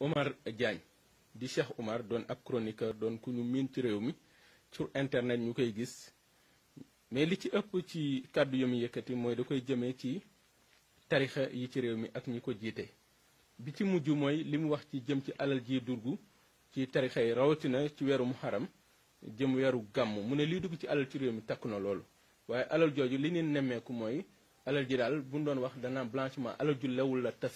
Omar Diagne di Cheikh Omar doon ab chroniqueur doon ku miin ci réew mi sur internet ñu koy gis mais li ci ëpp ci kàddu yu mu yëkkati mooy da koy jëmee ci tarixa yi ci réew mi ak ñi ko jiite bi ci mujj mooy li mu wax ci jëm ci alal ji dugg ci tarixa yi rawatina ci weeru xaram jëm weeru gàmm mu ne liy dugg ci alal ci réew mi takk na loolu waaye alal jooju li neen nemmeeku mooy alal ji daal bu ñu doon wax dana blanchiment alal ju lewul la te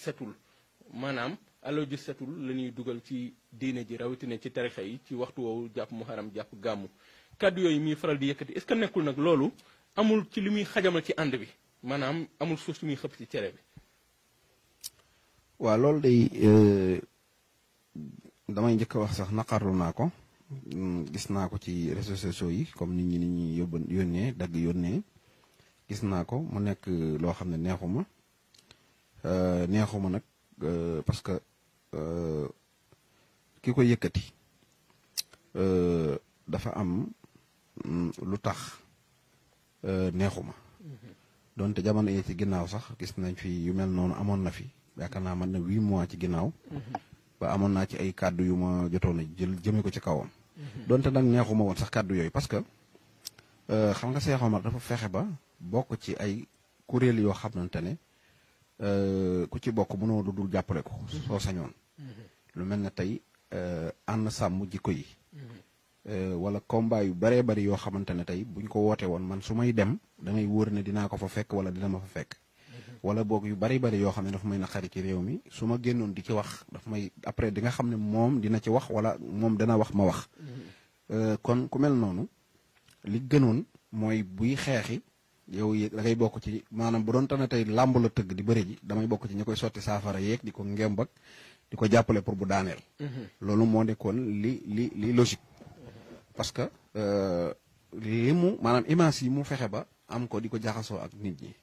maanaam alal ju setul la ñuy dugal ci diine ji rawatina ci tarixa yi ci waxtu woowu jàpp muharam jàpp gàmmu kàddu yooyu muy faral di yëkkati est-ce que nekkul nag loolu amul ci li muy xajamal ci ànd bi maanaam amul suuf si muy xëpp ci cere bi waa loolu day euh, damay njëkk a wax sax naqarlu naa ko mm, gis naa ko ci réseaux sociaux yi comme nit ñi nit ñi yóbbu yónnee dagg yónnee gis naa ko mu nekk euh, loo xam ne neexuma euh, neexuma nag parce Euh, ki koy yëkkati euh, dafa am mm, lu tax euh, neexuma donte jamono yi ci ginnaaw sax gis nañ fi yu mel noonu amoon na fi yaakaar naa man na huit mois ci ginnaaw ba amoon naa ci ay kàddu yu ma jotoon a jël jëme ko ci kawam donte nag neexuma woon sax kàddu yooyu parce que xam nga Cheikh Omar dafa fexe ba bokk ci ay kuréel yoo xamante ne ku ci bokk mënoo lu dul jàppale ko soo sañoon lu mel na tey euh, ànn sàmm jikko yi. Mm-hmm. Euh, wala combat yu baree bari yoo xamante ne tey buñ ko wootee woon man su may dem damay wóor ne dinaa ko fa fekk wala dina ma fa fekk. Mm-hmm. wala boog yu bari bari yoo xam ne dafa may naqari ci réew mi su ma génnoon di ci wax dafa may après di nga xam ne moom dina ci wax wala moom dana wax ma wax. Mm-hmm. Euh, kon ku mel noonu li gënoon mooy buy xeexi yow da ngay bokk ci maanaam bu doon tane tey làmb la tëgg di bëri ji damay bokk ci ñi koy sotti saafara yeeg di ko ngembak di ko jàppale pour bu daaneel. Mhm. loolu moo nekkoon li li li logique. parce que euh, li mu maanaam image yi mu fexe ba am ko di ko jaxasoo ak nit ñi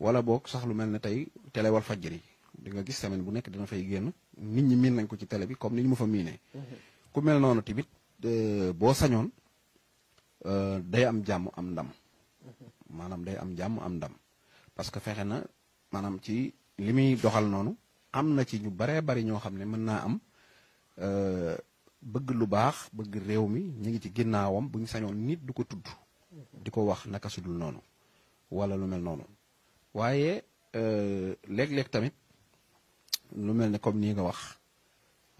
wala boog sax lu mel ne tey télé wal fajjari di nga gis semaine bu nekk dina fay génn nit ñi miin nañ ko ci télé bi comme ni ñu ma fa miinee. Mhm. ku mel noonu tamit euh, boo sañoon euh, day am jàmm am ndam. Mhm. maanaam day am jàmm am ndam parce que fexe na maanaam ci li muy doxal noonu. am na ci ñu baree bari ñoo xam ne mën naa am euh, bëgg lu baax bëgg réew mi ñu ngi ci ginnaawam bu ñu sañoon nit du ko tudd di ko wax naka sudul noonu wala lu mel noonu waaye euh, léeg-léeg tamit lu mel ni comme nii nga wax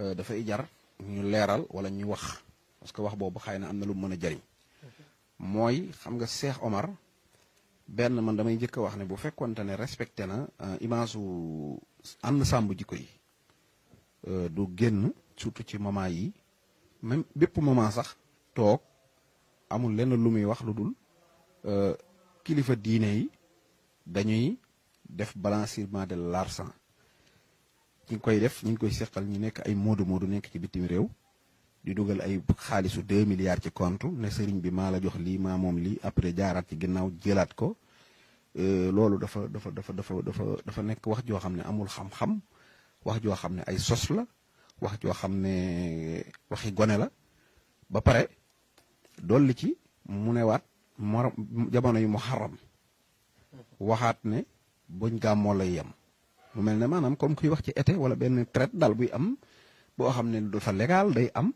euh, dafay jar ñu leeral wala ñu wax parce que wax boobu xëy na am na lu mën a jariñ mooy xam nga Cheikh Omar benn man damay njëkk a wax ne bu fekkonte ne respecté na image su am na sàmm jikko yi euh, du génn surtout ci moment yi même bépp moment sax toog amul lenn lu muy wax lu dul euh, kilifa diine yi dañuy def balancement de l'argent ñu ngi koy def ñu ngi koy seqal ñu nekk ay moodu moodu nekk ci bitim réew di dugal ay xaalisu 2 milliards ci compte ne sëriñ bi maa la jox lii maa moom lii après jaaraat ci ginnaaw jëlaat ko Euh, loolu dafa dafa dafa dafa dafa dafa nekk wax joo xam ne amul xam-xam wax joo xam ne ay sos la wax joo xam ne waxi gone la ba pare dool dolli ci mu newaat mor jamono yu muharram waxaat ne buñ gàmmoo lay yem mu mel ne maanaam comme kuy wax ci été wala benn traite daal buy am boo xam ne dafa legal day am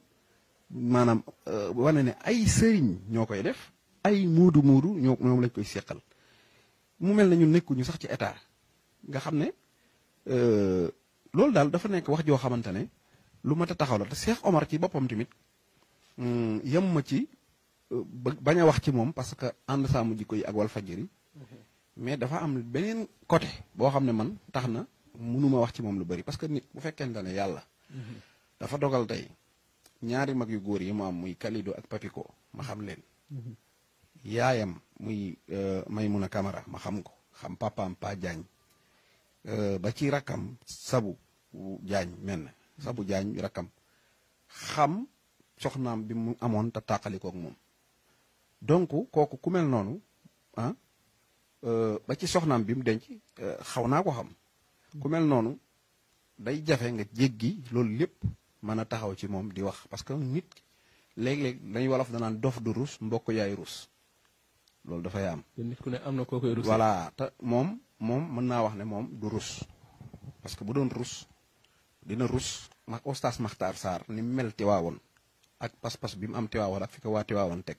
maanaam euh, wane ne ay sëriñ ñoo koy def ay muudu muudu ñoo moom lañ koy seqal mu mel na ñu nekkuñu sax ci état nga xam ne euh, loolu daal dafa nekk wax joo xamante ne lu mat a taxaw la te Cheikh Omar ci boppam tamit hmm, yem ma ci euh, bañ a wax ci moom parce que ànd saamu jikko yi ak Walfadjri mais dafa am beneen côté boo xam ne man tax na mënuma wax ci moom lu bari parce que nit bu fekkente ne yàlla dafa dogal tey ñaari mag yu góor yi mu am muy Kalidou ak Papiko ma xam leen mm-hmm. yaayam muy may euh, Maymuna kamara ma xam ko xam papaam Pa Diagne euh, ba ci rakkam Sabu Diagne mel na Sabu Diagne rakkam xam soxnaam bi mu amoon te tàqalikook moom donc kooku ku mel noonu ah euh, ba ci soxnaam bi mu denc xaw naa ko xam ku mel noonu day jafe nga jéggi loolu lépp mën a taxaw ci moom di wax parce que nit léeg-léeg dañuy wolof danaan dof du rus mbokk yaay rus loolu dafay am. nit ku ne am koo voilà te moom moom mën naa wax ne moom du rus parce que bu doon rus dina rus ma ostaas Maxtaar saar ni mu mel Tiwaawoon ak pas-pas bi mu am Tiwaawoon ak fi ko waa Tiwaawoon teg.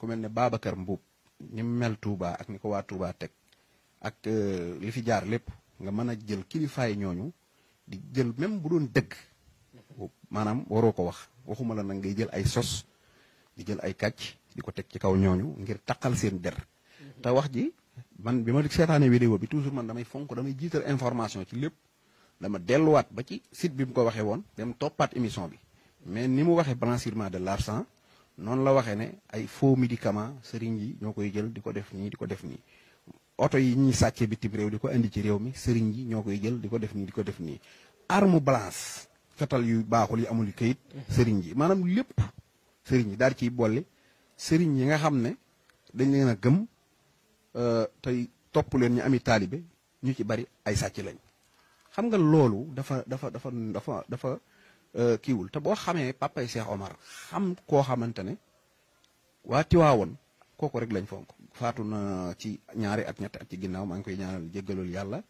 ku mel ne baaba Babacar Mbuub ni mu mel Touba ak ni ko waa Touba teg ak euh, li fi jaar lépp nga mën a jël kilifaay ñooñu di jël même bu doon dëgg. maanaam waroo ko wax waxuma la nag ngay jël ay sos di jël ay kàcc. di ko teg ci kaw ñooñu ngir taqal seen der te wax ji man bi ma seetaanee vidéo bi toujours man damay fonk damay jiital information ci lépp dama delluwaat ba ci sit bi mu ko waxee woon dem toppaat émission bi mais ni mu waxee blanchiment de l'argent noonu la waxee ne ay faux médicament sëriñ yi ñoo koy jël di ko def nii di ko def nii oto yi ñuy sàcce bitim réew di ko indi ci réew mi sëriñ yi ñoo koy jël di ko def nii di ko def nii arme blanche fetal yu baaxul yu amul kayit mm-hmm. sëriñ yi maanaam lépp sëriñ yi daal ciy boole sëriñ yi nga xam ne dañ leen a gëm euh, tey topp leen ñu ami taalibe ñu ci bari ay sàcc lañ xam nga loolu dafa dafa dafa dafa dafa euh, kiiwul te boo xamee papay Cheikh Omar xam koo xamante ne waa Tiwaawoon kooku rek lañ fonk faatu na ci ñaari at ñetti at ci ginnaaw maa ngi koy ñaanal jéggalul yàlla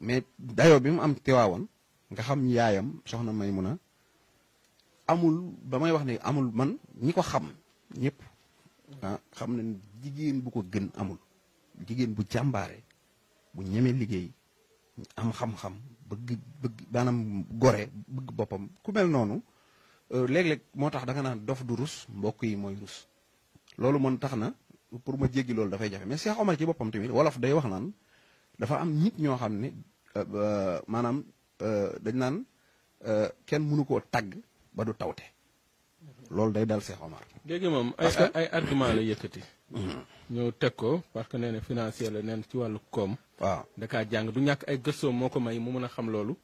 mais dayo bi mu am Tiwaawoon nga xam yaayam soxna may Maymuna amul ba may wax ne amul man ñi ko xam ñëpp Ah, xam na jigéen bu ko gën amul jigéen bu jàmbaare bu ñemee liggéey am xam-xam bëgg bëgg maanaam gore bëgg boppam ku mel noonu euh, léeg-léeg moo tax danga naan dof du rus mbokk yi mooy rus loolu mën tax na pour ma jéggi loolu dafay jafe mais Cheikh Omar ci boppam tamit wolof day wax naan dafa am nit ñoo xam ne euh, euh, maanaam dañ naan kenn mënu koo tagg ba du tawte loolu day dal Cheikh Omar. léegi moom ay ay argument la yëkkati. ñu teg ko parce que nee na financier la neen ci wàllu koom. waaw da kaa jàng du ñàkk ay gëstoom moo ko may mu mën a xam loolu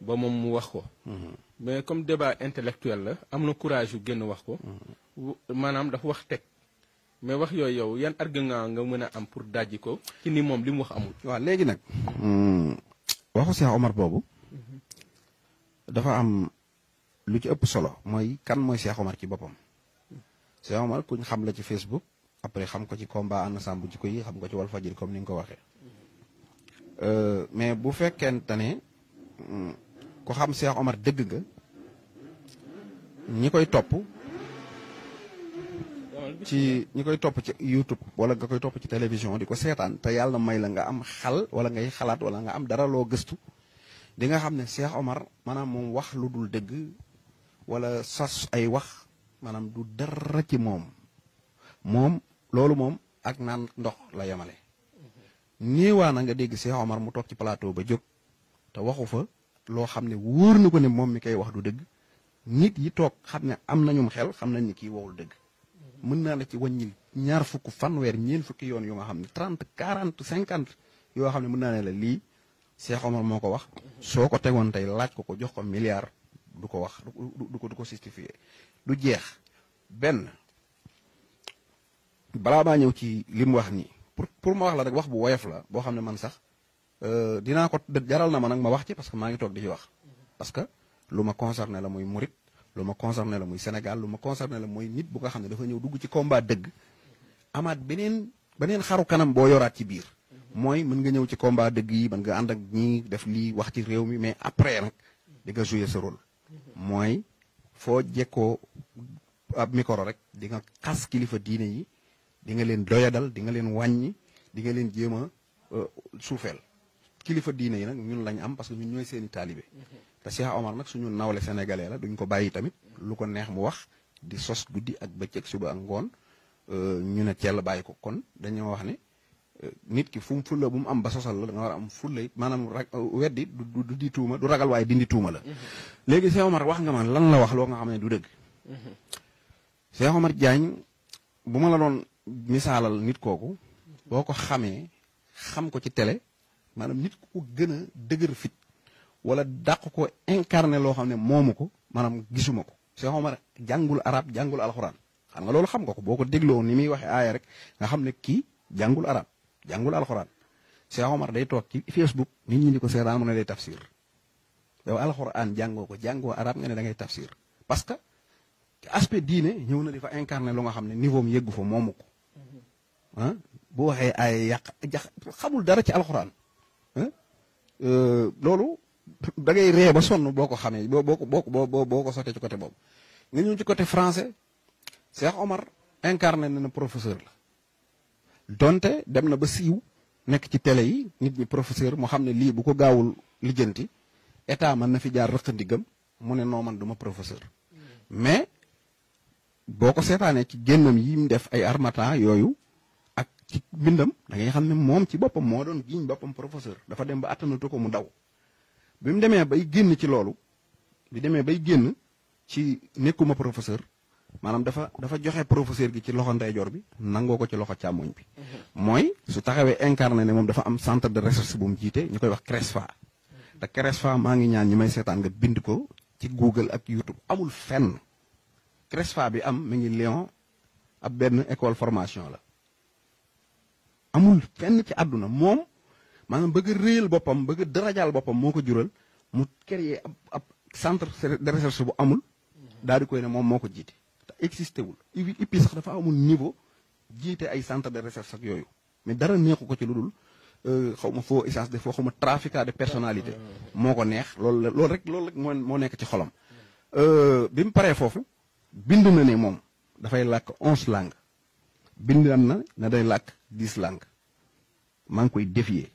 ba moom mu wax ko. Mhm. mais comme débat intellectuel la am na courage yu génn wax ko. Mhm. maanaam dafa wax teg mais wax yooyu yow yan argument nga mën a am pour dajj ko ci nii moom li mu wax amul. waaw léegi nag. Hmm, waxu Cheikh Omar boobu. Mhm. dafa am. lu ci ëpp solo mooy kan mooy Cheikh Omar ci boppam. Cheikh Omar kuñ xam la ci Facebook après xam ko ci combat ànd sambu jikko yi xam ko ci Walfadjri comme ni nga ko waxee. Euh, bu fekkente ne ku xam Cheikh Omar dëgg nga ñi koy topp. ci ñi koy topp ci YouTube wala nga koy topp ci télévision di ko seetaan te yàlla may la nga am xal wala ngay xalaat wala nga am dara loo gëstu di xam ne Cheikh Omar maanaam moom wax lu dul dëgg wala sas ay wax maanaam du dara ci moom moom loolu moom ak naan ndox la yemale niiwaa na nga dégg Cheikh Omar mu toog ci palaato ba jóg te waxu fa loo xam ne wóor na ko ne moom mi koy wax du dëgg nit yi toog xam ne am nañum xel xam nañ ni kii wowul dëgg mën naa la ci wàññil ñaar fukk fanweer ñeen fukki yoon yu nga xam ne trente quarante cinquante yoo xam ne mën naa ne la lii Cheikh moo ko wax soo ko tegoon tey laaj ko ko jox ko milliard du ko wax du ko du ko justifier du jeex benn balaa maa ñëw ci li mu wax nii pour pour ma wax la rek wax bu woyof la boo xam ne man sax euh, dinaa ko jaral na ma nag ma wax ci parce que maa ngi toog di ci wax parce que lu ma concerné la muy murit lu ma concerné la muy Sénégal lu ma concerné la mooy nit bu nga xam ne dafa ñëw dugg ci combat dëgg amaat beneen beneen xaru kanam boo yoraat ci biir mooy mën nga ñëw ci combat dëgg yi mën nga ànd ak ñii def lii wax ci réew mi mais après nag di nga mooy foo jekkoo ab micro rek di nga xas kilifa diine yi di nga leen doyadal di nga leen wàññi di nga leen jéem a euh, suufeel kilifa diine yi nag ñun lañ am parce que ñun ñooy seeni taalibe te Cheikh Omar nag suñu nawle sénégalais la duñ ko bàyyi tamit lu ko neex mu wax di sos guddi ak bëccëg suba ak ngoon euh, ñu ne teel bàyyi ko kon dañoo wax ne nit ki fu mu fulla bu mu am ba sosal la da nga war am fulla it maanaam rag weddi du du di tuuma du ragal waaye dindi tuuma la. Mm-hmm. léegi Cheikh Omar wax nga ma lan la wax loo nga xam ne du dëgg. Mm-hmm. Cheikh Omar bu ma la doon misaalal nit kooku. Mm-hmm. boo ko xamee xam ko ci tele maanaam nit ku ko gën a dëgër fit wala dàq ko incarné loo xam ne moomu ko maanaam gisuma ko Cheikh Omar jàngul arab jàngul alxuraan xam nga loolu xam nga ko boo ko dégloo ni muy waxee aaya rek nga xam ne kii jàngul arab jàngul alxuraan Cheikh Omar day toog ci Facebook nit ñi di ko seetaan mu ne day tafsir yow alxuraan jàngoo ko jàngoo arab nga ne da ngay tafsir parce que aspect diine ñëw na di fa incarné lu nga xam ne niveau mi yëggu fa moomu ko mhm. ah bu waxee ay yàq xamul dara ci alxuraan ah, euh, loolu dangay ngay ree ba sonn boo ko xamee boo boo boo boo boo ko sottee ci côté boobu nga ñëw ci côté français Cheikh Omar incarné na ne professeur la. donte dem na ba siiw nekk ci télé yi nit ñi professeur moo xam ne lii bu ko gaawul lijjanti état mën na fi jaar rëq ndigam mu ne noo man du ma professeur mais boo ko seetaanee ci génnam yi mu def ay armatan yooyu ak ci mbindam da xam ne moom ci boppam moo doon giñ boppam professeur dafa dem ba attanatu ko mu daw bi mu demee bay génn ci loolu bi demee bay génn ci nekkuma professeur maanaam dafa dafa joxe professeur gi ci loxo ndeyjoor bi nangoo ko ci loxo càmmoñ bi. mooy su taxawee incarné ne moom dafa am centre de recherche bu mu jiite ñu koy wax CRESFA. te CRESFA maa ngi ñaan ñi may seetaan nga bind ko ci Google ak YouTube amul fenn CRESFA bi am mu ngi Lyon ab benn école formation la. amul fenn ci àdduna moom maanaam bëgg a boppam bëgg a darajaal boppam moo ko jural mu créer ab ab centre de recherche bu amul daa di koy ne moom moo ko jiite. existé wul UPI sax dafa amul niveau jiite ay centre de recherche yooyu mais dara neexu ko ci lu dul euh, xaw ma foo essence de foo xaw ma traficat de personnalité moo ko neex loolu loolu rek loolu rek moo moo nekk ci xolam euh, bi mu paree foofu bind na ne moom dafay làkk onze langues bind na ne day làkk dix langues maa ngi koy défier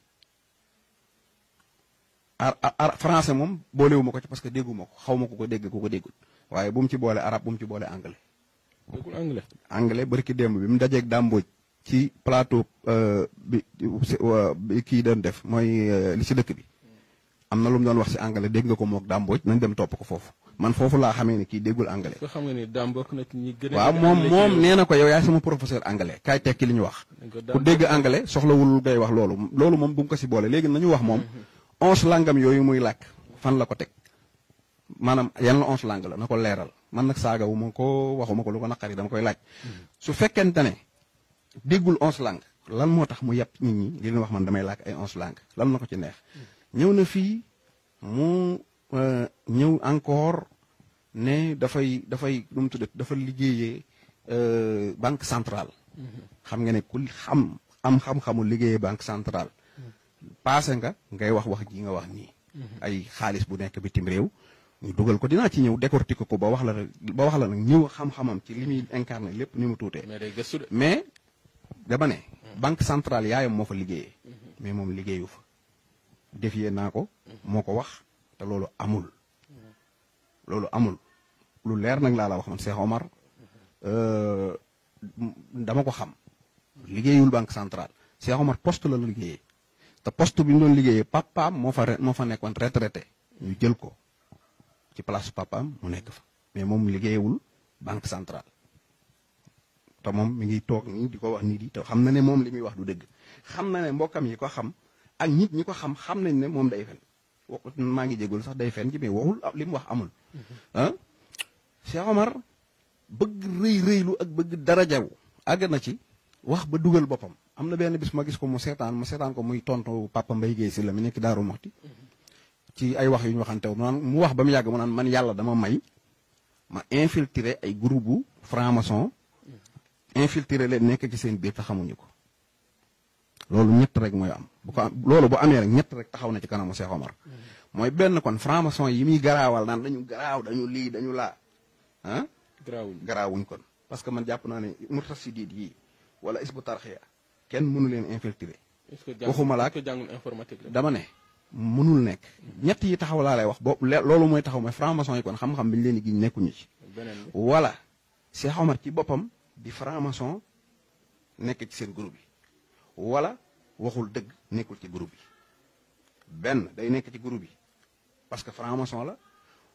ar français moom boolewuma ko ci parce que dégguma ko xaw ma ko ko dégg ko ko déggul waaye bu mu ci boole arabe bu mu ci boole anglais bokkul anglais. anglais barki démb bi mu dajeeg dàmbooj ci plateau euh, bi bi euh, kii doon def mooy euh, li ci dëkk bi. am na lu mu doon wax si anglais dégg nga ko moog dàmbooj nañ dem topp ko foofu man foofu laa xamee ne kii déggul anglais. nga ne dàm na ci waaw moom moom nee na ko yow yaay sama professeur anglais kaay tekki li ñu wax. ku dégg anglais soxlawul ngay wax loolu loolu moom bum ko si boole léegi nañu wax moom. onze langam yooyu muy làkk fan la ko teg. maanaam yan la onze la na ko leeral man nag saaga wu ma ko waxuma ko lu ko naqari dama koy laaj. Mm-hmm. su fekkente ne déggul onze langue lan moo tax mu yàpp nit ñi li wax man damay laaj ay onze langue lan na ko ci neex. Mm-hmm. ñëw na fii mu euh, ñëw encore ne dafay dafay nu mu tuddee dafa liggéeyee euh, banque centrale. Mm-hmm. xam nga ne ku xam am xam-xamu liggéeyee banque centrale. paase nga ngay wax wax jii nga wax nii. ay xaalis bu nekk bitim réew. ñu dugal ko dinaa ci ñëw décortiquer ko ba wax la ba wax la nag ñëw xam-xamam ci li muy incarné lépp ni mu tuutee. mais dama ne. Hmm. banque centrale yaayam moo fa liggéeyee. Hmm. mais moom liggéeyu fa. défier naa ko. Hmm. moo ko wax te loolu amul. loolu amul lu leer nag laa la wax man Cheikh Omar euh, dama ko xam. liggéeyul banque centrale Cheikh Omar poste la la liggéeyee te poste bi mu doon liggéeyee papaam moo fa moo fa nekkoon retraité ñu jël ko. ci place papaam mu nekk fa mais moom liggéeyewul banque centrale te moom mi ngi toog nii di ko wax nii di te xam na ne moom li muy wax du dëgg xam na ne mbokkam yi ko xam ak nit ñi ko xam xam nañ ne moom day fen maa ngi jégul sax day fen ci mais waxul li mu wax amul mm-hmm. ah Cheikh Omar bëgg rëy rëylu ak bëgg darajawu àgg na ci wax ba dugal boppam am na benn bis ma gis ko mu seetaan mu seetaan ko muy tontu papa Mbaye Guèye si la mi nekk Daaru Moxti mm-hmm. ci ay wax yu ñu waxante mu wax ba mu yàgg mu naan man yàlla dama may ma infiltrer ay groupe bu franc-maçon leen nekk ci seen biir te xamuñu ko loolu ñett rek mooy am bu ko am loolu bu amee rek ñett rek taxaw na ci kanamu Cheikh mooy benn kon franc-maçon yi muy garaawal naan dañu garaaw dañu lii dañu laa ah garaawuñ kon parce que man jàpp naa ne murtasidiit yi wala isbu tarxiya kenn mënu leen infiltrer waxuma laak dama ne mënul nekk ñett yi taxaw laa lay wax boobu loolu mooy taxaw ma franc-maçon yi kon xam-xam bi ñu leen di giñ nekkuñu ci voilà Cheikh Omar ci boppam di franc-maçon nekk ci seen groupe yi wala waxul dëgg nekkul ci groupe yi benn day nekk ci groupe yi parce que franc-maçon la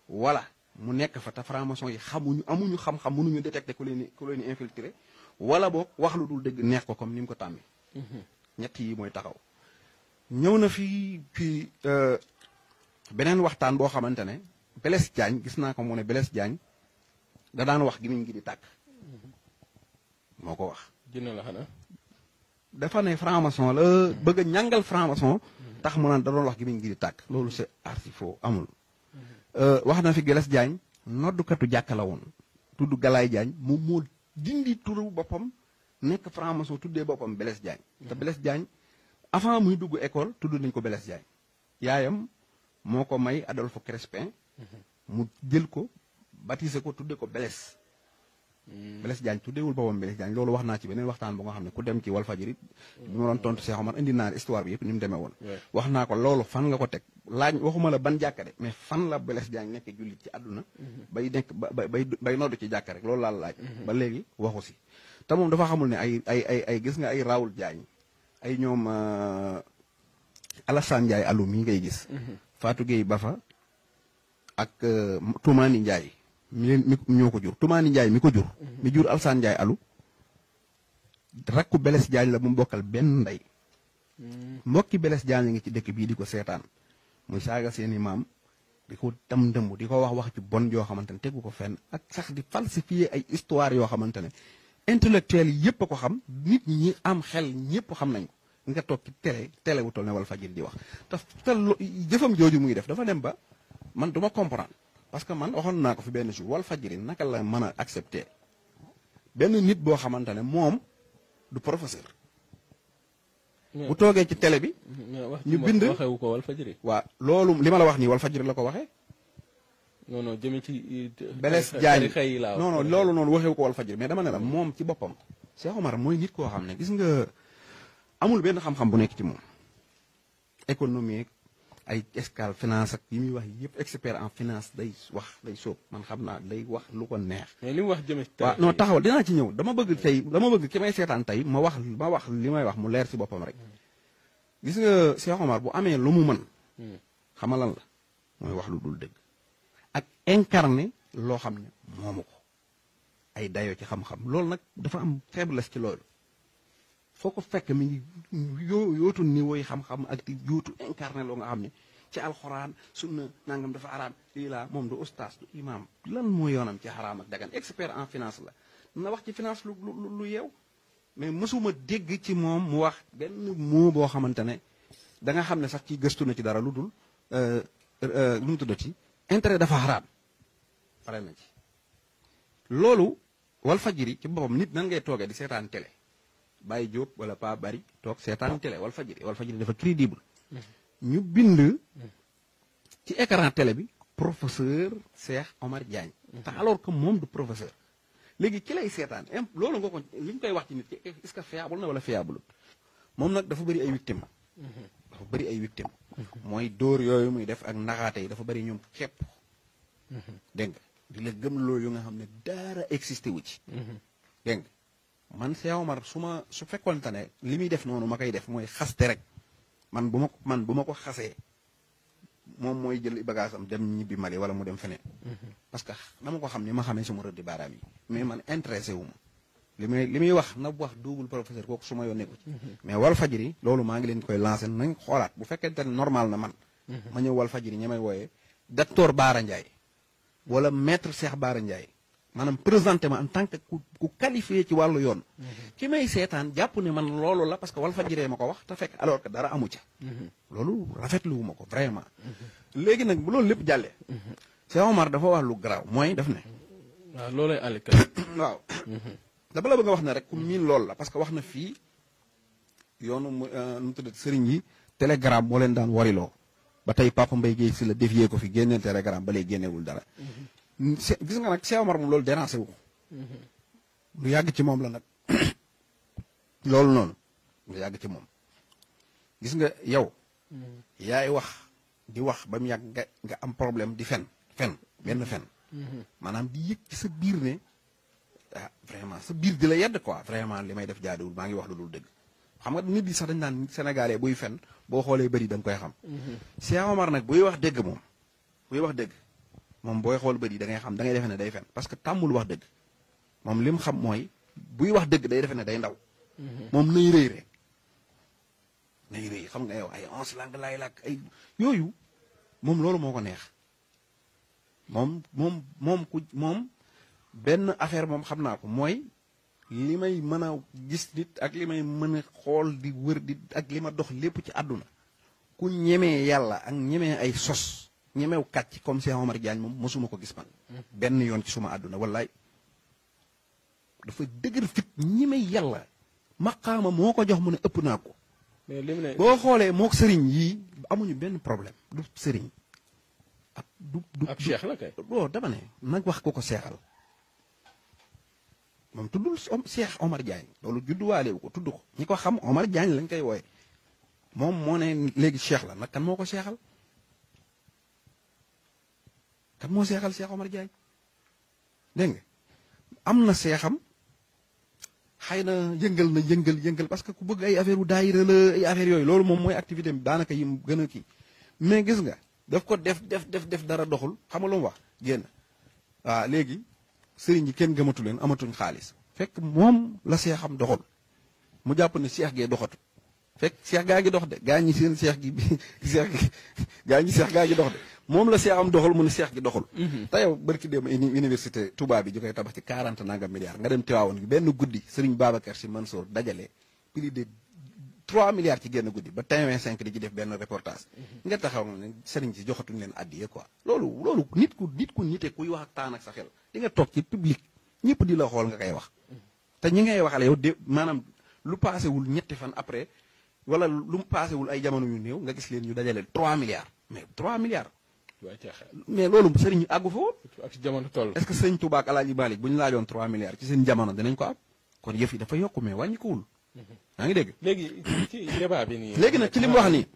wala mu nekk fa te franc yi xamuñu amuñu xam-xam mënuñu détecter ku leen ku leen infiltrer wala boog wax lu dul dëgg neex ko comme ni mu ko tàmmee mhm. ñett yi mooy taxaw ñëw na fii ci euh, beneen waxtaan boo xamante ne Blaise gis naa ko mu ne Blaise Diagne da daan wax gémmiñ gi di tàkk moo ko wax. dina la xanaa. dafa ne la bëgg a ñàngal franc tax mu naan da doon wax gémmiñ gi di tàkk loolu c'est archi amul. Euh, wax na fi Blaise Diagne noddukatu jàkk la woon. tudd Galaye Diagne mu moo dindi turu boppam nekk franc-maçon tuddee boppam Blaise Diagne. te Blaise Diagne. avant muy dugg école tudd nañ ko Blaise Diagne yaayam moo ko may Adolphe Crespin mhm. mu jël ko batise ko tudde ko Blaise mm. Blaise Diagne tuddeewul boppam Blaise Diagne loolu wax naa ci beneen waxtaan bu nga xam ne ku dem ci Walfadjri bi mm. ma doon tontu Cheikh indi naa histoire bi yëpp ni mu demee woon wax naa ko loolu fan nga ko teg laaj waxuma la ban jàkka de mais fan la Blaise Diagne nekk jullit ci àdduna mm-hmm. bay nekk ba bay bay noddu ci jàkka rek loolu laal laaj mm-hmm. ba léegi waxu si te moom dafa xamul ne ay ay ay ay gis nga ay Raoul Diagne ay ñoom euh, Alassane Ndiaye alum mi ngay gis. Mhm. faatu Gueye Bafa ak euh, Toumani Ndiaye mi leen mi ñoo ko jur Toumani njaay mi ko jur. Mhm. mi jur Alassane Ndiaye alu rakku Blaise jaañ la mu mbokkal benn ndey. Mhm. mbokki Blaise Diagne ngi ci dëkk bii di ko seetaan muy saaga seeni maam di ko dam dëmb di ko wax wax ci bon yoo xamante ne tegu ko fenn ak sax di falsifier ay histoire yoo xamante ne. intellectuel yi yëpp a ko xam nit ñi am xel ñëpp xam nañ ko nga toog ci tele télé wu toll ne wala fajit di wax te te jëfam jooju muy def dafa dem ba man du ma comprendre parce que man waxoon naa ko fi benn jour wal fajiri naka la mën a accepter benn nit boo xamante ne moom du professeur. bu toogee ci télé bi. ñu bind waxewu ko wal fajiri. waaw loolu li ma la wax nii wal fajiri la ko waxee. non non jëmee ci. Euh, Blaise Diagne xëy loolu noonu waxewu ko Walfadjri mais dama ne la moom ci boppam. Cheikh Omar mooy nit koo xam ne gis nga amul benn xam bu nekk ci moom économique ay escale finance ak muy wax yëpp expert en finance day wax day soob man xam naa day wax lu ko neex. mais li mu wax jëmee waaw non taxawal dinaa ci ñëw dama bëgg tey dama bëgg ki may tey ma wax ma wax li may wax mu leer ci boppam rek. gis nga Cheikh bu amee lu mu mën. Hmm. xamalan la mooy wax lu dul dëgg. ak incarné loo xam ne moomu ko ay dayoo ci xam-xam loolu nag dafa am faiblesse ci loolu foo ko fekk mi ngi yoo yootu niveau yi xam-xam ak di yootu incarné loo nga xam ne ci alxuraan sunna nangam dafa araam lii laa moom du ustaas du imaam lan moo yoonam ci xaraam ak dagan expert en finance la na wax ci finance lu lu lu yeew mais mësuma dégg ci moom mu wax benn moo boo xamante ne da nga xam ne sax ci gëstu na ci dara lu dul euh, euh, lu mu tuddati intérêt dafa xaraam pare na ci loolu Walfadjri ci boppam nit nan ngay toogee di seetaan télé bàyyi Jóob wala pa bari toog seetaan télé Walfadjri Walfadjri dafa crédible mhm. ñu bind mhm. ci écran télé bi professeur Cheikh Omar Diagne mhm. te alors que moom du professeur léegi ci lay seetaan loolu nga ko li ñu koy wax ci nit ki est-ce que fiable na wala fiable moom nag dafa bëri ay victime dafa bëri ay victime mooy dóor yooyu muy def ak naxaate yi dafa bari ñoom képp dégg nga di la gëm loolu yu nga xam ne dara existé wu ci mhm. dégg nga man Cheikh su ma su fekkoonte ne li muy def noonu ma koy def mooy xaste rek man bu ma man bu ma ko xasee moom mooy jël bagage am dem ñibbi Mali wala mu dem feneen mhm. parce que dama ko xam ni ma xamee suma rëddi baaraam yi mais man intéressé wu ma li muy li muy wax na wax doogul professeur kooku su ma yoon nekku ci mais wal fajiri loolu maa ngi leen koy lancé nañ xoolaat bu fekkente ne normal na man ma ñëw wal fajiri ña may wooyee docteur Baara Ndiaye wala metre Cheikh Baara Ndiaye maanaam présenté ma en tant que ku qualifié ci wàllu yoon ki may seetaan jàpp ne man loolu la parce que wal fajiree ma ko wax te fekk alors que dara amu ca loolu rafetluwu ma ko vraiment léegi nag bu loolu lépp jàllee Cheikh Omar dafa wax garaaw mooy daf ne waaw loolay dama la bëgg wax ne rek ku miin loolu la parce que wax na fii yoonu euh, nu mu sëriñ yi télégramme moo leen daan wariloo ba tey Papa Mbaye Guèye si la dévier ko fi génneen télégramme ba lay génneewul dara. Mm-hmm. gis nga nag Cheikh Omar moom loolu déranger wu mm-hmm. yàgg ci moom la nag loolu noonu lu yàgg ci moom gis nga yow. Mm-hmm. yaay wax di wax ba mu yàgg nga nga am problème di fen fen benn fen. maanaam di yëg ci sa biir ne. ah vraiment sa biir di la yedd quoi vraiment li may def jaaduwul maa ngi wax lu dul dëgg xam nga nit yi sax dañ naan sénégalais buy fen boo xoolee bëri da koy xam mhm. Cheikh Omar nag buy wax dëgg moom buy wax dëgg moom booy xool bëri da ngay xam da ngay defe ne day fen parce que tàmmul wax dëgg moom lim xam mooy buy wax dëgg day defe ne day ndaw mhm. moom nay rëy rek nay rëy xam nga yow ay onze langue laay lakk ay yooyu moom loolu moo ko neex moom moom moom ku moom benn affaire moom xam naa ko mooy li may mën a gis nit ak li may mën a xool di wër di ak li ma dox lépp ci àdduna ku ñeme yàlla ak ñemee ay sos ñemew kàcc comme Cheikh Omar Diagne moom mosuma ko gis man benn yoon ci suma àdduna wallaay dafa dëgër fit ñeme yàlla maqaama moo ko jox mu ne ëpp naa ko boo xoolee mook sëriñ yii amuñu benn problème du sëriñ ak du du ab cheikh la kay ne nag wax ko ko seexal moom tuddul Cheikh Omar Diagne loolu judduwaale wu ko tudd ko ñi ko xam Omar Diagne lañ koy wooye moom moo ne léegi Cheikh la nag kan moo ko seexal kan moo seexal Cheikh Omar Diagne dégg nga am na seexam xëy na yëngal na yëngal yëngal parce que ku bëgg ay affaire u daayira la ay affaire yooyu loolu moom mooy activité am daanaka yim gën a kii mais gis nga daf ko def def def def dara doxul xam nga lu mu wax génn waaw léegi sëriñ yi kenn gëmatu leen amatuñ xaalis fekk moom la seexam doxal mu jàpp ne seex gee doxatu fekk seex gaa gi dox de gaa ñi seen seex gi bi seex gi gaa ñi seex gaa gi dox de moom la seexam doxal mu ne seex gi doxal mhm. te yow barki dem université tubaab bi ju koy tabax ci quarante nga milliards nga dem Tiwaawoon gi benn guddi sëriñ baabakar Sy Mansour dajale plus de 3 milliards ci génn guddi ba TV5 di ci def benn reportage nga taxaw ne sëriñ si joxatuñ leen addiye quoi loolu loolu nit ku nit ku nite kuy wax ak taan ak sa xel di nga toog ci public ñëpp di la xool nga koy wax te ñi ngay waxale yow de maanaam lu paasewul ñetti fan après wala lu mu paasewul ay jamono yu néew nga gis leen ñu dajale 3 milliards mais 3 milliards mais loolu sëriñ àggu fa woon ak jamono toll est-ce que sëriñ Touba ak Alaaji Maalik bu ñu laajoon 3 milliards ci seen jamono dinañ ko am kon yëf yi dafa yokku mais wàññikuwul yaa ngi dégg. léegi ci débat bi léegi nag ci li mu wax nii.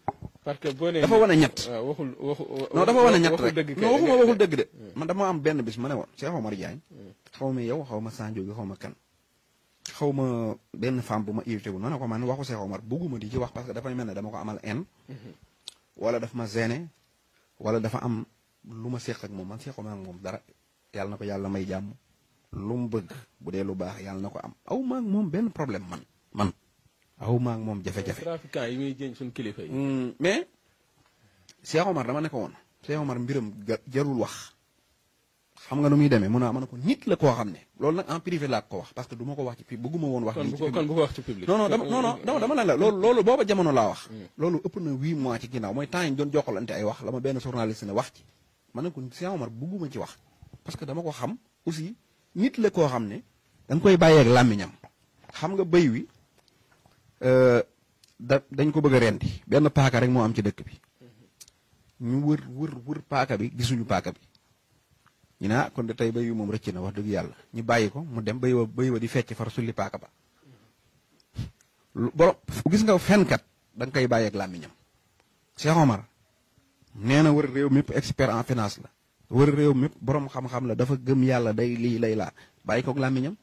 que boo dafa wane ñett. waxul waxu non dafa wane ñett rek non waxuma waxul dëgg de. Hmm. man dama am benn bis ma ne woon Cheikh Omar Diagne. Hmm. xaw ma yow xaw ma Sandio gi ma kan. xaw ma benn femme bu ma invité wu noonu ko man waxu Cheikh Omar bëgguma di ci wax parce que dafa mel ne dama ko amal en. Hmm. wala daf ma gêné wala dafa am lu ma seq ak moom man Cheikh Omar ak moom dara yàlla na ko yàlla may jàmm. lu mu bëgg bu dee lu baax yàlla na ko am aw ma ak moom benn problème man. man aw maa ak moom jafe-jafe. yi muy jëñ suñu kilifa yi. Hmm, mais Cheikh Omar dama ne ko woon Cheikh Omar mbiram jarul wax xam nga nu muy demee mun a mën ko nit la koo xam ne loolu nag en privé laa ko wax ko wax ci public bëgguma woon. wax nii ci kon bu ko wax ci public. non non dama non non hmm. dama ne la loolu loolu booba jamono laa wax. Hmm. ëpp na huit mois ci ginnaaw mooy temps yi ñu doon wax ma ne wax ci. ma ne ko Cheikh ci wax parce que dama ko xam aussi nit la koo xam ne da nga koy bàyyeeg làmmiñam xam nga bëy wi Euh, da dañ ko bëgg a rendi benn paaka rek moo am ci dëkk bi ñu wër wër wër paaka bi gisuñu paaka bi ñu ne ah, kon de tey bay wi moom rëcc na wax dëgg yàlla ñu bàyyi ko mu dem béy wa béy di fecc far sulli paaka ba borom gis nga fenkat da nga koy bàyyeeg làmmiñam Cheikh Omar nee na wër réew mépp expert en finance la wër réew mépp borom xam-xam la dafa gëm yàlla day lii lay laa bàyyi kook làmmiñam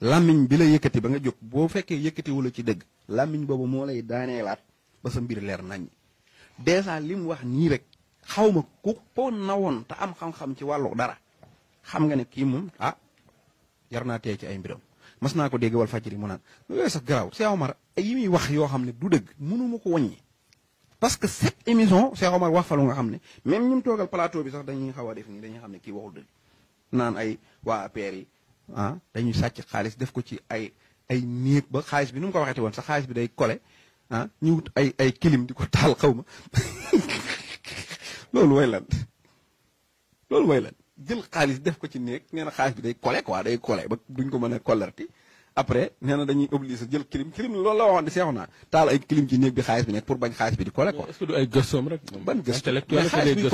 làmmiñ bi la yëkkati ba nga jóg boo fekkee yëkkati wala ci dëgg làmmiñ boobu moo lay daaneelaat ba sa mbir leer nañ dèjà li mu wax nii rek xaw ma ku ko nawoon te am xam-xam ci wàllu dara xam nga ne kii moom ah yar naa tey ci ay mbiram mas naa ko dégg wal fajiri mu naan yooyu eh, sax garaaw Cheikh Omar ay yi muy wax yoo xam ne du dëgg mënuma ko wàññi parce que émission Cheikh Omar wax fa nga xam ne même ñun toogal plateau bi sax dañuy xaw a def nii dañuy xam ne kii waxul dëgg naan ay waa APR yi ah dañuy sàcc xaalis def ko ci ay ay néeg ba xaalis bi nu mu ko waxeeti woon sax xaalis bi day kole ah ñu wut ay kilim di ko taal xaw ma loolu way lan jël xaalis def ko ci néeg nee xaalis bi day kole quoi day kole ba duñ ko mën a kolerti après la kole rek. ban gëstu xaalis bi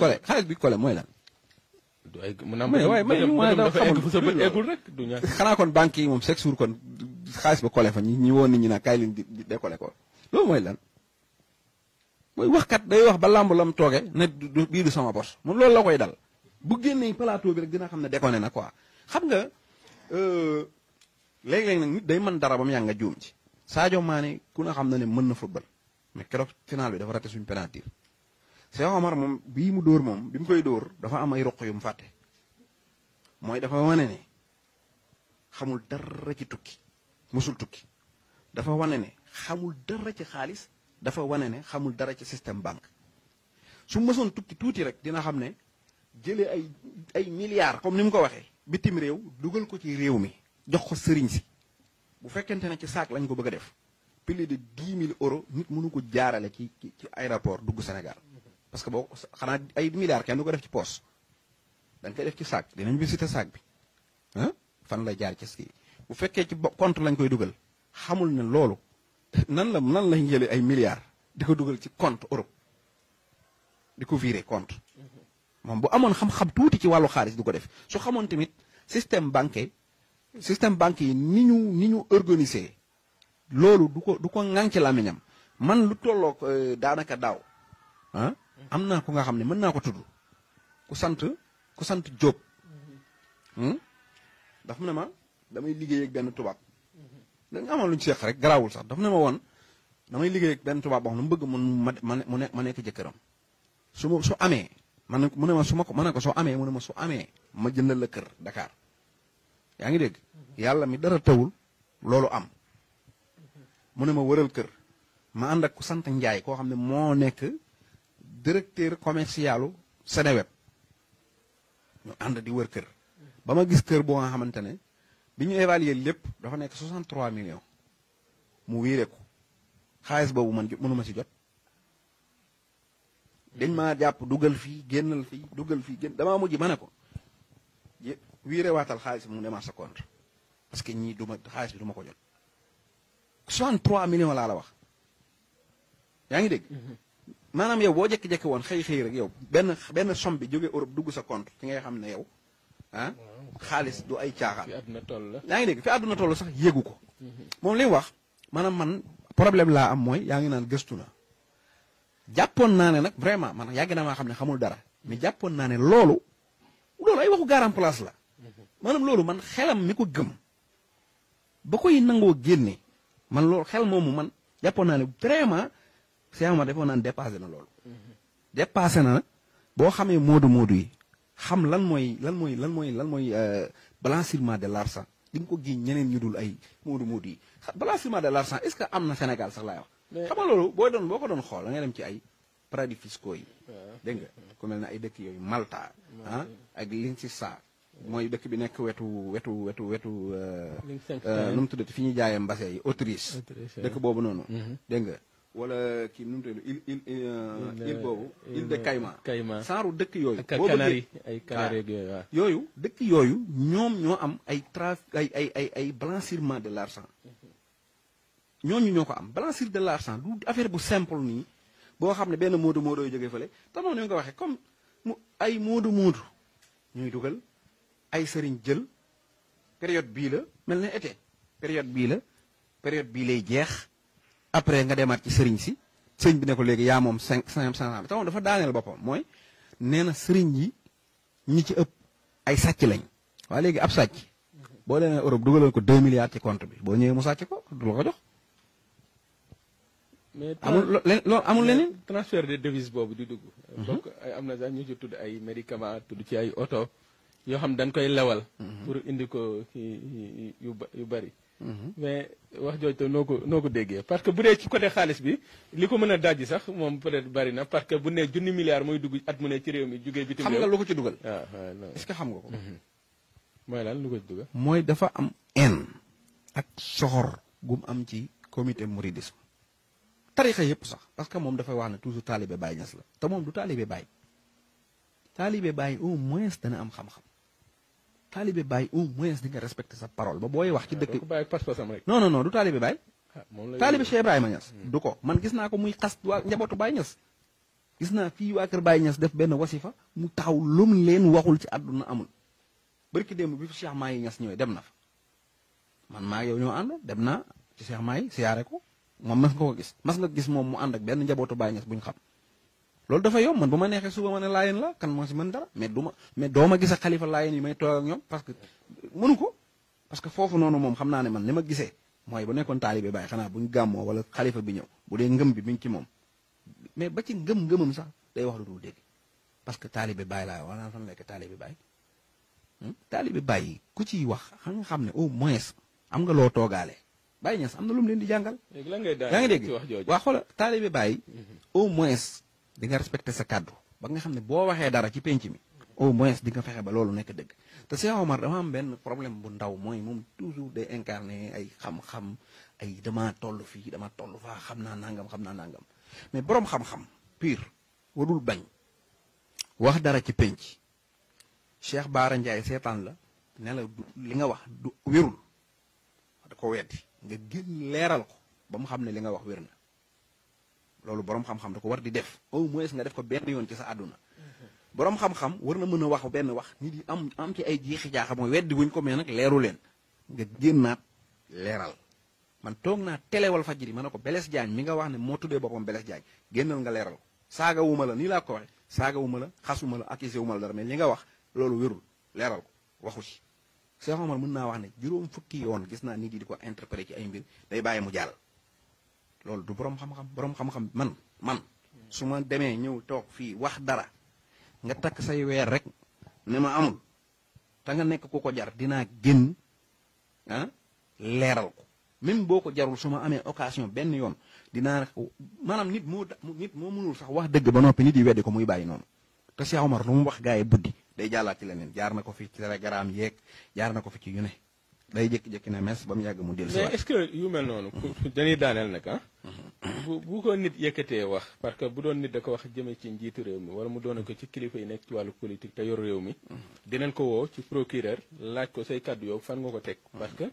kole xaalis bi kole mooy lan. du ay mën naa waaye man dafa egg fa sa bët eggul rek xanaa kon banque yi moom chaque jour kon xaalis ba kole fa ñi ñi woon nit ñi nag kaay leen di di décoller ko loolu mooy lan. mooy wax kat day wax ba la mu tooge ne du bii du sama bos moom loolu la koy dal bu génnee plateau bi rek dina xam ne déconné na ko xam nga euh, léeg-léeg nag nit day mën dara ba mu yàgg nga juum ci Sadio Mané ku ne xam na ne mën na football mais keroog final bi dafa raté suñu penalty Cheikh Omar bii mu dóor moom bi koy dóor dafa am ay roq yu mu fàtte mooy dafa wane ne xamul dara ci tukki musul tukki dafa wane ne xamul dara ci xaalis dafa wane ne xamul dara ci système banque su mësoon tukki tuuti rek dina xam ne jëlee ay ay milliards comme ni mu ko waxee bitim réew dugal ko ci réew mi jox ko sëriñ si bu fekkente ne ci saak lañ ko bëgg a def plus de dix mille euro nit mënu ko jaarale ci ci aéroport dugg Sénégal parce que boo xanaa ay milliards kenn du ko def ci poos da nga koy def ci saag dinañ visiter saag bi ah fan lay jaar ci kii bu fekkee ci compte lañ koy dugal xamul ne loolu nan la nan lañ jëlee ay milliards di ko dugal ci compte Europe di ko virer compte moom bu amoon xam-xam tuuti ci wàllu xaalis du ko def su xamoon tamit système banque système banque yi ni ñu ni ñu organisé loolu du ko du ko ŋànc làmmiñam man lu tollook euh, daanaka daaw am naa ko nga xam ne mën naa ko tudd ku sant ku sant Jóob hmm? dafa ne ma damay liggéey ak benn tubaab da nga amoon lu ñu seex rek garaawul sax dafa ne ma woon damay liggéey benn tubaab boo xam ne mu bëgg mun ma mu ne ma nekk jëkkëram su ma su amee man ne mu ne ma su ma ko ma ne ko soo amee mu ne ma su amee ma jëndal la kër Dakar yaa ngi dégg yàlla mi dara tawul loolu am mu ne ma wëral kër ma ànd ak ku sant Njaay koo xam ne moo nekk directeur commercialu Seneweb ñu ànd di wër kër ba ma gis kër boo nga xamante ne bi ñu évaluer lépp dafa nekk 63 millions mu wiire ko xaalis boobu man mënuma ci jot dañ ma jàpp dugal fii génnal fii dugal fii génn damaa mujj ma ne ko wiire waatal xaalis bi mu demaat sa compte parce que ñii duma xaalis bi du ma ko jot 63 millions laa la wax yaa ngi dégg mm-hmm. maanaam yow boo jékki-jékki woon xëy xëy rek yow benn benn somme bi jógee Europe dugg sa compte ci ngay xam ne yow ah xaalis du ay caaxaan. fi àdduna la yaa ngi dégg fi àdduna toll sax yéegu ko. Mhm. moom li wax maanaam man problème laa am mooy yaa ngi naan gëstu na jàppoon naa ne nag vraiment man yàgg na maa xam ne xamul dara mais jàppoon naa ne loolu loolu ay waxu garam place la mhm. maanaam loolu man xelam mi ko gëm ba koy nangoo génne man loolu xel moomu man jàppoon naa ne vraiment. Cheikh Omar defoon naan dépassé na loolu. dépassé na boo xamee moodu-moodu yi xam lan mooy lan mooy lan mooy lan mooy euh, blanchiment de l'argent di nga ko gii ñeneen ñu dul ay moodu-moodu yi blanchiment de l'argent est-ce que am na Sénégal sax laay wax. xam loolu boo doon boo ko doon xool da ngay dem ci ay paradis fiscaux yi. dégg nga ku mel ne ay dëkk yooyu Malta. ah ak liñ ci saa. mooy dëkk bi nekk wetu wetu wetu wetu. Euh, euh, nu mu tuddati fi ñuy jaayee mbase yi Autriche. dëkk boobu noonu. Mhm. dégg nga. wala kii nu mu tudd il il il de Caïman Caïman saaru dëkk yooyu. boo bëggee ay Canaries yooyu dëkk yooyu ñoom ñoo am ay traf ay ay ay ay blanchiment de l'argent ñooñu ñoo ko am blanchir de l'argent du affaire bu simple nii boo xam ne benn moodu moodu jóge fa fële te noonu ñu ko waxee comme mu ay moodu moodu ñuy dugal ay sëriñ jël période bii la mel ne été période bii la période bii lay jeex. après nga demaat ci sëriñ si sëriñ bi ne ko léegi yaa moom cinq cinq cent bi te dafa daaneel boppam mooy nee na sëriñ yi ñi ci ëpp ay sàcc lañ waaye léegi ab sàcc boo demee Europe dugaloon ko deux milliards ci compte bi boo ñëwee mu sàcc ko du la ko jox. mais amul loolu amul de devise boobu di dugg. donc am na saa ñu ci tudd ay médicaments tudd ci ay oto yoo xam dañ koy lewal. Mhm. pour indi ko yu yu bari. mais wax jooj tam noo ko noo ko déggee parce que bu dee ci côté xaalis bi li ko mën a dajji sax moom peut-être bari na parce que bu nee junni milliards mooy dugg at mu ne ci réew mi jugee bitim réew. xam nga lu ko ci ah, nga ko. Mhm. mooy lan lu ko ci mooy dafa am haine ak soxor gum am ci comité mouridisme tarixa yëpp sax parce que moom dafay wax ne toujours taalibe Baay Ñas la te moom du taalibe Baay taalibe Baay au moins dana am xam-xam. taalibe baay au moins di nga respecté sa parole ba booy wax. ci dëkk ah, non non non du taalibe Baye. Ah, taalibe Cheikh Ibrahima Niass hmm. du ko man gis naa ko muy xas waa njabootu Baye Niass. gis naa fii waa kër baay Niass def benn wasifa mu taxaw lum leen waxul ci àdduna amul barki démb bi fi Cheikh Mahi Niass ñëwee dem na fa man maa yow ñoo ànd dem naa ci Cheikh Mahi siyaare ko moom mas nga ko gis mas nga gis moom mu ànd ak benn njabootu Baye Niass buñ xam. loolu dafa yom man bu ma neexee suba ma ne laayeen la kan moo si man dara mais du ma mais doo ma gis a xalifa laayeen yi may toog ak ñoom parce que mënu ko parce que foofu noonu moom xam naa ne man ni ma gisee mooy bu nekkoon taalibe bàyyi xanaa buñ gàmmoo wala xalifa bi ñëw bu dee ngëm bi mi ngi ci moom mais ba ci ngëm-ngëmam sax day wax lu dul dégg parce que taalibe bàyyi laa wala fan lekk taalibe bàyyi hmm? taalibe bàyyi ku ciy wax xam xam ne au moins am nga loo toogaale bàyyi ñas am na lu mu leen di jàngal yaa ngi dégg waa xoola taalibe bàyyi hmm. au moins di nga respecté sa kàddu ba nga xam ne boo waxee dara ci penc mi au moins di nga fexe ba loolu nekk dëgg te Cheikh Omar dama am benn problème bu ndaw mooy moom toujours day incarné ay xam-xam ay dama toll fii dama toll fa xam naa nangam xam naa nangam mais borom xam-xam pur warul bañ wax dara ci penc Cheikh Baara Ndiaye seetaan la ne la li nga wax du wérul da ko weddi nga gën leeral ko ba mu xam ne li nga wax wér na loolu borom xam-xam da ko war di def au moins nga def ko benn yoon ci sa àdduna mhm. borom xam-xam war na mën a wax benn wax nit yi am am ci ay jiixi jaaxa mooy weddi wuñ ko mais nag leeru leen nga génnaat leeral man toog naa telewal fajiri ma ne ko Blaise Diagne mi nga wax ne moo tuddee boppam Blaise Diagne génnal nga leeral saaga wu ma la nii laa ko waxee saaga la xasuma la accusé wu ma la dara mais li nga wax loolu wérul leeral ko waxu ci Cheikh Omar mën naa wax ne juróom fukki yoon gis naa nit yi di ko interpréter ci ay mbir day bàyyi mu jàll loolu du boroom xam-xam borom man man su ma demee ñëw toog fii wax dara nga takk say weer rek ne ma amul te nga nekk ku ko jar dinaa génn ah leeral ko même boo ko jarul su ma amee occasion benn yoon dinaa maanaam nit moo nit moo mënul sax wax dëgg ba noppi nit yi weddi ko muy bàyyi noonu te Cheikh ma lu mu wax gaa yi buddi day jàllaa ci leneen jaar na ko fi ci telegram yeeg jaar na ko fi ci yu day jékki-jékki ne mes ba mu yàgg mu dellu si mais est que yu mel noonu dañuy daaneel nag ah bu bu ko nit yëkkatee wax parce que bu doon nit da ko wax jëmee ci njiitu réew mi wala mu doon ko ci kilifa yi nekk ci wàllu politique te yor réew mi dinañ ko woo ci procureur laaj ko say kàddu yow fan nga ko teg parce que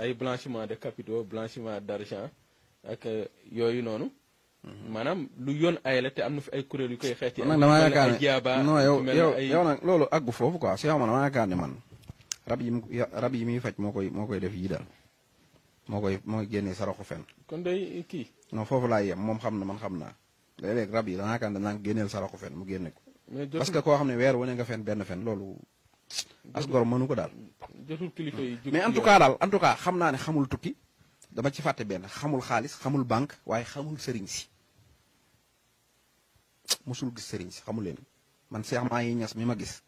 ay blanchiment de capitaux blanchiment d'argent ak euh, yooyu noonu maanaam lu yoon ay la te am na fi ay kuréel yu koy xeex ci nag dama yaakaar ma dama yaakaar ne man rab yi mu rab yi muy faj moo koy moo koy def yii daal moo koy mooy génnee saraxu fen kon day kii. non foofu laay yem moom xam na man xam naa léeg rab yi danaa kan danaa génneel saraxu fen mu génne ko. parce que koo xam ne weer wane nga fen benn fen loolu. as gor mënu ko daal. jotul mais en tout cas daal en tout xam na ne xamul tukki dama ci fàtte benn xamul xaalis xamul banque waaye xamul sëriñ si. mosul gis sëriñ si xamu leen man Cheikh maa yi ñas mi ma gis.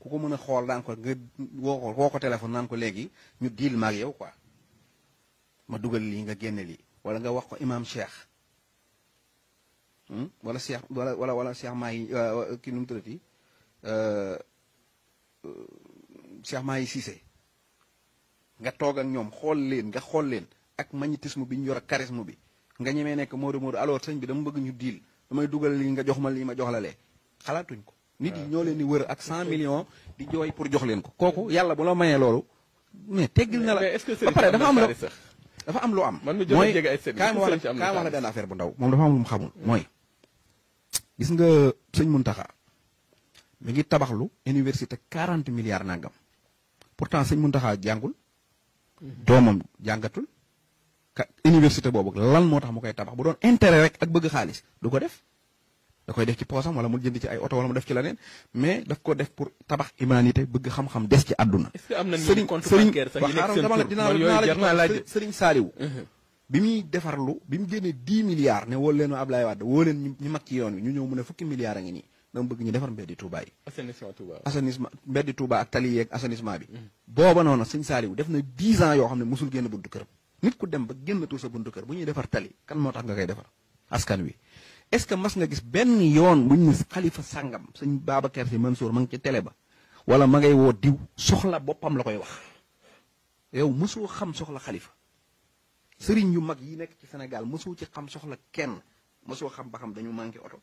ku ko mën a xool daan ko nga woo ko woo ko téléphone naan ko léegi ñu diil maag yow ko ma dugal lii nga génne lii wala nga wax ko imaam cheikh hmm? walla cheikh wala wala wala cheikh maa yi euh, kii nu mu tuddati euh, cheikh maa yi siise nga toog ak ñoom xool leen nga xool leen ak magnétisme bi ñu yor ak charisme bi nga ñemee nekk Modou Modou alors sëñ bi dama bëgg ñu diil damay dugal lii nga jox ma lii ma jox la xalaatuñ ko. nit ñoo leen di wër ak 100 million di jooy pour jox leen ko kooku yàlla bu la mayee loolu mais teggil na la ba pare dafa am la dafa am lu am mooy kaay ma wax la benn affaire bu ndaw moom dafa am lu mu xamul hmm. mooy gis nga sëñ Muntaxa mi ngi tabaxlu université quarante milliards nangam pourtant sëñ mun Muntaxa jàngul doomam jàngatul ka université boobu lan moo tax mu koy tabax bu doon intere rek ak bëgg xaalis du ko def da koy def ci poosam wala mu jënd ci ay oto wala mu def ci leneen mais daf ko def pour tabax humanité bëgg xam-xam des ci àdduna. est-ce que am nañu compte bancaire sax yi nekk seen tur man yooyu jar naa laaj Serigne Saliou uh-huh. bi muy lu bi mu génnee dix milliards ne woo leen ma Ablaye Wade woo leen ñu mag ci yoon wi ñu ñëw mu ne fukki milliards a ngi nii dama bëgg ñu defar mbeddi Touba yi. assainissement Touba assainissement mbeddi Touba ak tali yeeg assainissement bi. Uh-huh. booba noonu Serigne Saliou def na dix ans yoo xam ne mosul génn buntu kër. nit ku dem ba génnatul sa buntu kër bu ñuy defar tali kan moo tax nga koy defar askan wi est-ce que mas nga gis benn yoon ñu ne xalifa sàngam sëñ Babacar Si Mansour ma ngi ci tele ba wala ma ngay woo diw soxla boppam la koy wax yow mësoo xam soxla xalifa sëriñ yu mag yi nekk ci Sénégal mësoo ci xam soxla kenn mësoo xam ba xam dañu manqué oto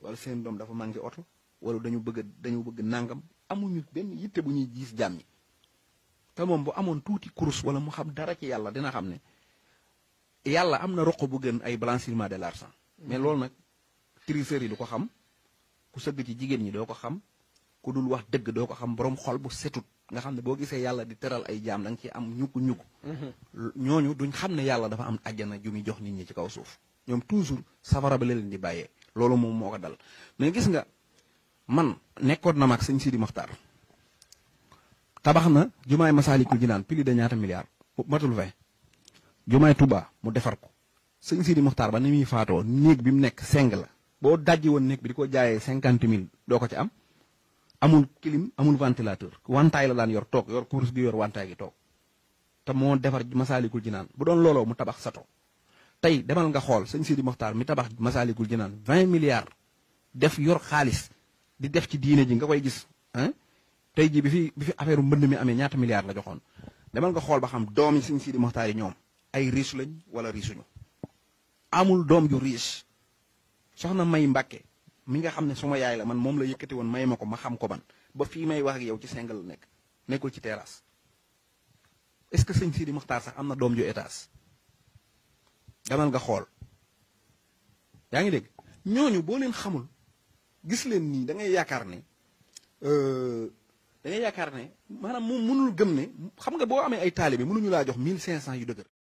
wala seen doom dafa manqué oto wala dañu bëgg dañu bëgg nangam amuñu benn yitte bu ñuy gis jaam ñi te moom bu amoon tuuti kurus wala mu xam dara ci yàlla dina xam ne yàlla am na roq bu gën ay blanchiment de l'argent mais triceurs yi du ko xam ku sëgg ci jigéen ñi doo ko xam ku dul wax dëgg doo ko xam boroom xol bu setut nga xam ne boo gisee yàlla di teral ay jaam da nga ciy am ñukku ñukku mhm. ñooñu duñ xam ne yàlla dafa am àjjana ju muy jox nit ñi ci kaw suuf ñoom toujours safara ba la leen di bàyyee loolu moom moo ko dal mais gis nga man nekkoon na maag sëñ Sidi Mokhtar tabax na jumaay Masaalikul Jinaan pili da ñaata milliards matul vingt jumaay tubaa mu defar ko sëñ Sidi Mokhtar ba ni muy faatoo néeg bi mu nekk seng la boo dajji woon néeg bi di ko jaayee cinquante mille doo ko ci am amul clim amul ventilateur wantaay la daan yor toog yor course gi yor wantaay gi toog te moo defar masaalikul naan bu doon looloo mu tabax sato tey demal nga xool sëñ Sidi Moxtaar mi tabax masaalikul jinaan vingt milliards def yor xaalis di def ci diine ji nga koy gis tey ji bi fi bi fi affaire mbënd mi amee ñaata milliards la joxoon demal nga xool ba xam doom yi sëñ Sidi Moxtaar yi ñoom ay riche lañ wala riche ñu amul doom ju riche soxna May Mbàkke mi nga xam ne suma yaay la man moom la yëkkati woon may ma ko ma xam ko man ba fii may wax ak yow ci single la nekk nekkul ci terrasse est-ce que sëñ Sidi Muxtaar sax am na doom ju étage demal nga xool yaa ngi dégg ñooñu boo leen xamul gis leen nii da ngay yaakaar ne euh, da ngay yaakaar ne maanaam moom munul gëm ne xam nga boo amee ay taalibe mënuñu laa jox cent yu dëgër